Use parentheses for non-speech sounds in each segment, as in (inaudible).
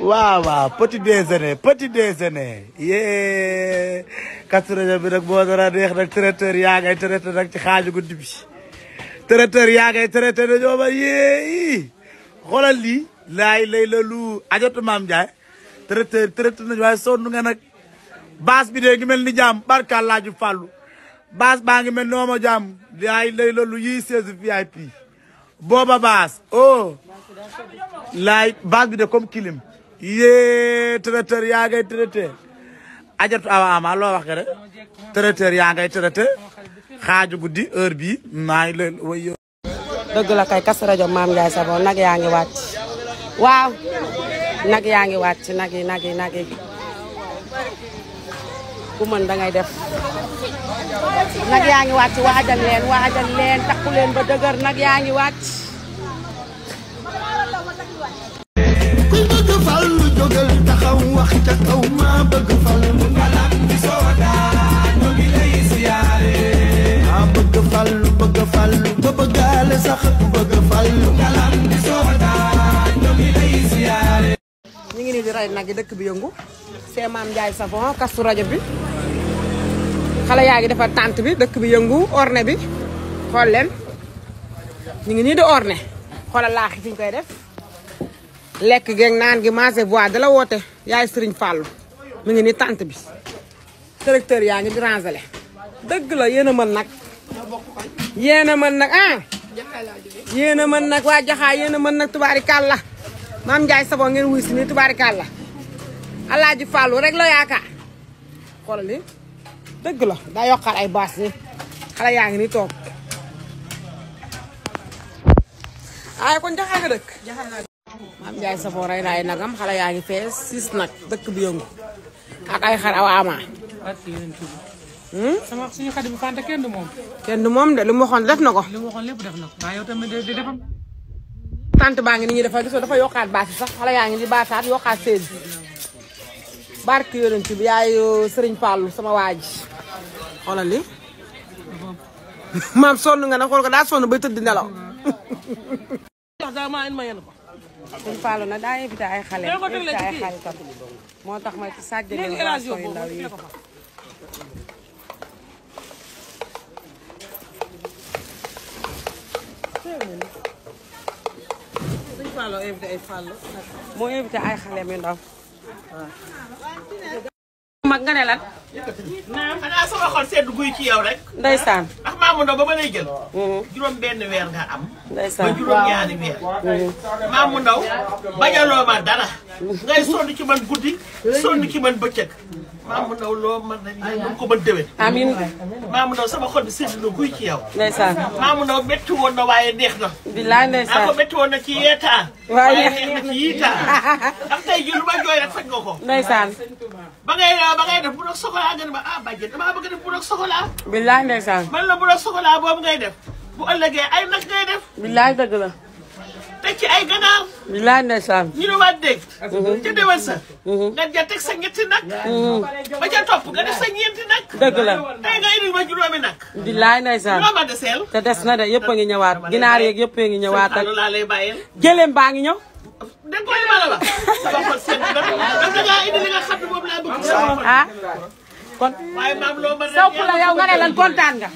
waaw waaw petit déjeuner petit déjeuner yee Kazu Rajab bi nag boo dara neex nag traiteur yaa ngay traité nag ci xaaju guddi bi traiteur yaa ngay traité dañoo ba yee xoolal lii laay lay la lu ajatu maam Ndiaye traiteur traité nañu waaye nga nag baas bi dee ngi mel ni jaam barka laaju fàllu baas baa ngi mel ni jaam laay lay la lu yii seize VIP booba baas oh laay baas bi de comme kilim yée traiteur yaa ngay traité ajatu awa ama loo wax nga de yaa ngay traité xaaju guddi heure bi maa ngi leen way yo dëgg la kay kas rajo maam Ndiaye Savon nag yaa ngi wàcc waaw nag yaa ngi wàcc nag yi nag yi nag yi ku mën da ngay def nag yaa ngi wàcc waajal leen waajal leen takku leen ba dëgër nag yaa ngi wàcc gi dekk bi yëngu c'est mam jaay Savon kastu radio bi xala yaa ngi defar tante bi dekk bi yëngu orne bi xol len ñu ngi ni di orné xoolal laax yi koy def lekk geeg naan gi mangé bois da la yaay serigne fallu mi ngi ni tante bi directeur yaa ngi di rangale la yéen a nak, nag man nak ah yéen man nak wa jaxa jaxaa man nak tubarikallah mam jaay sabo ngeen wuy aladi fàllu rek lo yaaka xoolal li dëgg la daa yokkaat ay bass ni xala yaangi ni tok ay kon jaxaa nga dekk dëkk maam Njaay Savon rey ray ray nagam xala yaangi fess sis nak dekk dëkk bi yëngu ak ay xar awa ama hmm? sama suñu xarit bu fànn kenn du mom kenn du mom de lu mu xon def nako lu mu xon lepp def nako da waaye yow tamit di defam. tante baangi ngi ni ñuy defal gisoo dafa yokkaat baas yi sax xala yaangi di bassat baasaat yokkaat séen barke yonent um bi yaayu serigne Fallou sama waji ji xoolal li aku (laughs) sonn nga na xol ko da sonu bay teud nelaw. sëriñ Fallou nag daa invité ay xale invité ay tax ma invité ay ndaw. mag nga ne lan. xanaa sama xol sedd guy ci yow rek. ndeysaan ndax Mamour Ndao ba ma lay jël. Mm-hmm. juróom benn weer nga am. ndeysaan ba juróom ñaari weer. Mm-hmm. Mamour Ndao bañaloo ma dara. ngay sonn ci man guddi sonn ci man bëccëg. maamu ndaw loo mën nañu yéen ba mu ko mën déwén. amiin maamu ndaw sama xol bi sedd na guy ci yow. ndeysaan maamu ndaw métti woon na waaye neex na. bilaay ndeysaan ko métti woon na ci yeetaa. waaye neex na ci yiitaa. ndax tey jii lu ma jooy rek faj nga ko. ndeysaan. ba ngay ba ngay def bu doog sokolaa nga ne ma ah bàjjen damaa bëgg def bu doog sokolaa. bilaay ndeysaan. man la bu doog sokolaa boobu ngay def bu ëllëgee ay nag ngay def. bilaay dëgg la. ci ay ganaar bilaay ndeysaan ñu ne waa dégg ca déwén sa mhm. nga ja teg sa ñetti nag mhm. ba ca topp nga def sa ñeenti nag dëgg la tey nga indil ma juróomi nag bilaay ndeysaan loo ma deseel te des na de ak lay la sama da indi li nga bëgg ah kon saw la yow nga ne lan kontaan nga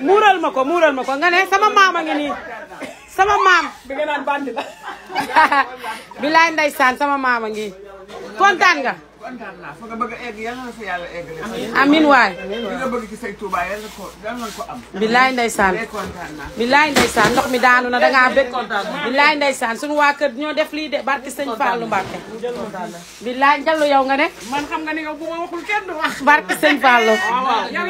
muural ma ko nga ne sama maama ngi sama maam bi nga naan bandi la (laughs) bilaay ndeysaan sama maam a ngi kontaan nga kontaan naa fa nga bëgg a egg yàlla na fa yàlla egg amin waay li nga bëgg ci say Tuuba yàlla ko yàlla ko am ndeysaan bilaay ndeysaan ndox mi daanu na dangaa bëgg bilaay ndeysaan suñu waa kër ñoo def lii de barki sëñ Fallou Mbacke bilaay Jallo yow nga ne nga ni ma waxul kenn du wax barki sëñ Fallou yow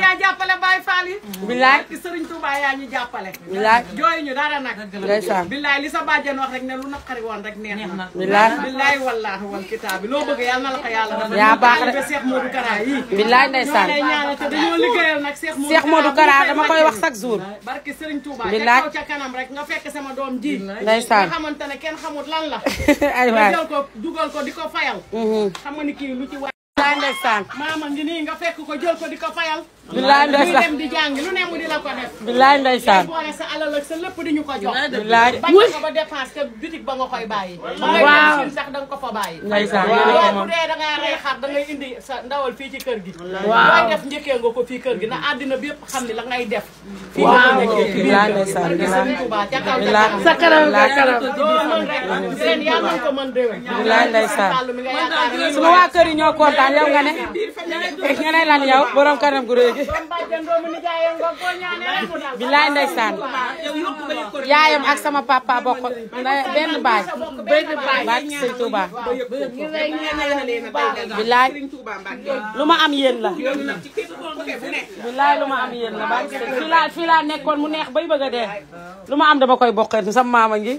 Saali. billaay ak Serigne Touba yaa ñu jàppale. billaay jooy ñu dara nag. ndeysaan billaay li sa bàjjen wax rek ne lu naqari woon rek neex na. billaay billaay wallaahi wal kitaabi loo bëgg yal na la ko yàlla dafa. yaa baax rek Cheikh Modou Kara yi. billaay ndeysaan ñoo lay ñaanal te dañoo liggéeyal nag. Cheikh Modou Kara dama koy wax chaque jour. barki Serigne Touba rek nga fekk sama doom ji. ndeysaan nga xamante ne kenn xamut lan la. (laughs) aywaay nga jël di ko fayal. Mm-hmm. xam nga ni kii lu ci waay. ndeysaan maama fekk ko jël di ko bilaay ndeysaan dem di lu ne mu di la ko def. bilaay ndeysaan boole sa alal ak sa lépp di ñu ko jox. bilaay ba dépense ba nga koy bàyyi. waaw ba sax da ko fa bàyyi. ndeysaan waaw bu dee da ngay rey xar da ngay indi sa ndawal fii ci kër gi. waaw looy ko fii kër na àddina bi yëpp xam ne la ngay def. fii nga ko njëkkee fii bilaay ndeysaan bilaay sa kanam nga kanam. ren yaa ngi ko mën déwén. bilaay ndeysaan sunu waa kër yi ñoo kontaan yow nga ne nga ne lan yow borom kanam gu réy doom bàjjen doomu nijaayam nga ko ñaanee rek mu dal bilaay ndeysaan yaayam ak sama papa bokk benn baay baay sëñ Touba bilaay lu ma am yéen la lu ma am yéen la baay sëñ fii laa fii laa nekkoon mu neex bay bëgg a dee lu ma am dama koy bokkee sama maama ngi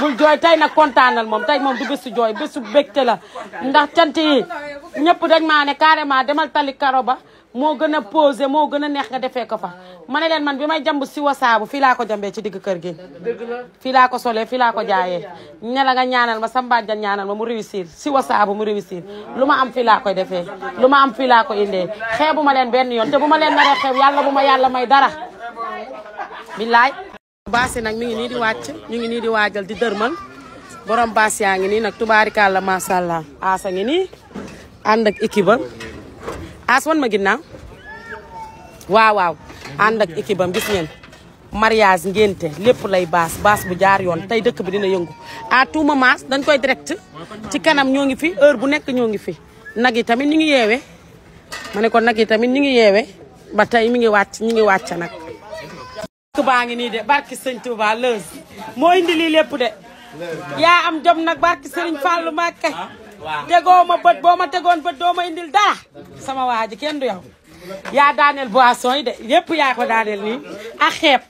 bul jooy tey na kontaanal moom tey moom du bésu jooy bésu bégte la ndax cant yi ñëpp dañ maa ne carrément demal tali karo ba mo gëna poser mo gëna neex nga défé ko fa ma len man bi may jamb si wasaabu fi la ko jambé ci digg kër gi fi la ko solé fi la ko jaayé nga ñaanal ma samba ñaanal ma mu réussir si wasabu mu réussir luma am fi la koy défé luma am fi la ko indé xébuma ma leen yoon té buma ma naré naree yalla buma yalla ma may dara billahi baas nak mi ngi ni di wacc ñu ngi ni di wajal di dërmal borom baas yaa ngi nii ma sha Allah asa ngi ni and ak équipe as wan ma ginnaaw waaw waaw ànd ak équipe am gis ngeen mariage ngénte lépp lay baas baas bu jaar yoon tey dëkk bi dina yëngu à tout moment dañ koy direct ci kanam ñoo ngi fi heure bu nekk ñoo ngi fi nag yi tamit ñu ngi yeewe ma ne ko nag yi tamit ñu ngi yeewe ba tey mi ngi wàcc ñu ngi wàcc nag dëkk baa ngi nii de barki sëñ Touba Leuz moo indi lii lépp de yaa am jom nag barki sëriñ Fallou Mbacké tegoo ma bët boo ma tegoon bët doo ma indil dara sama waa ji kenn du yow yaa daaneel boisson yi de yépp yaa ko daaneel nii ak xeeb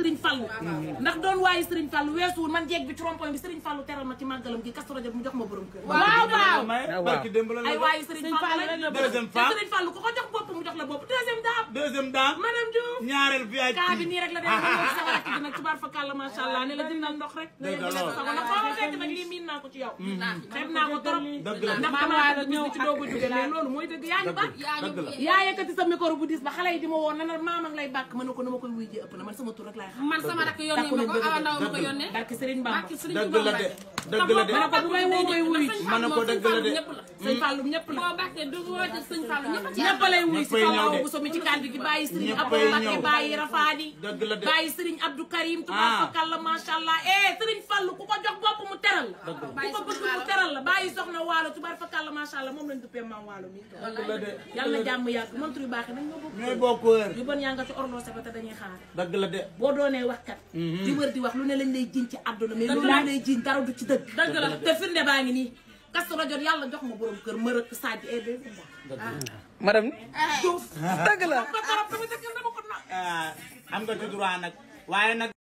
Serigne Fallou mm. ndax doon waaye Serigne Fallou weesuwul man jeeg bi trompoin bi Serigne Fallou teral ma ci màggalam gi Kazu Rajab mu jox ma borom kër waaw waaw ah, ay waaye Serigne Fallou Serigne Fallou ku ko jox bopp mu jox la bopp deuxième dame deuxième dame madame Diouf ñaareel bi ay kaa bi nii rek la def ñëw ah, ah, sama rakk bi nag tubaar fa kàlla macha allah ne la dindal ndox rek ne la dindal sago ndax foo ma fekk nag lii miin naa ko ci yow mm. xeeb naa ko trop ndax damaa ko gis ci doogu jóge mais loolu mooy dëgg yaa ñu baax yaa yëkkati sa micro bu dis ba xale yi di ma woon na maam a ngi lay bàkk ma ne ko na ma koy wuy ji ëpp na man sama tur rek laa man sama rakk yónnee ma ko awa ndaw ma ko yónnee. barke Serigne Bamba barke Serigne dëgg la de ma ne ko du may woo may wuyu ma ne ko dëgg la de sëñ hmm. Fallou ñëpp la boo bàkkee du woote sëñ Fallou ñëpp ñëpp lay wuyu si kaw bu somi ci kàddu gi bàyyi Serigne Abdou Mbacké bàyyi Rafaani dëgg la de bàyyi Serigne Abdou Karim tubaarkalla ah. macha allah eh Serigne Fallou ku ko jox bopp mu teral la ku ko bëgg mu teral la bàyyi soxna waalo tubaarkalla macha allah moom lañ duppee maam waalo mi dëgg la de yàlla na jàmm yàgg moom tur yu baax nañ ñooy bokk wër yu bon yaa nga ci orloo sa ba te dañuy xaar dëgg la de boo doonee waxkat mhm. di wër di wax lu ne lañ lay jiñ ci àdduna mais lu lay jiñ dara du ci dëgg dëgg la te firnde baa ngi nii Kazu Rajab yàlla jox ma borom kër ma rëkk Sadji et eh, deux madame dëgg la ah. eh. ah, am nga ci droit nag waaye nag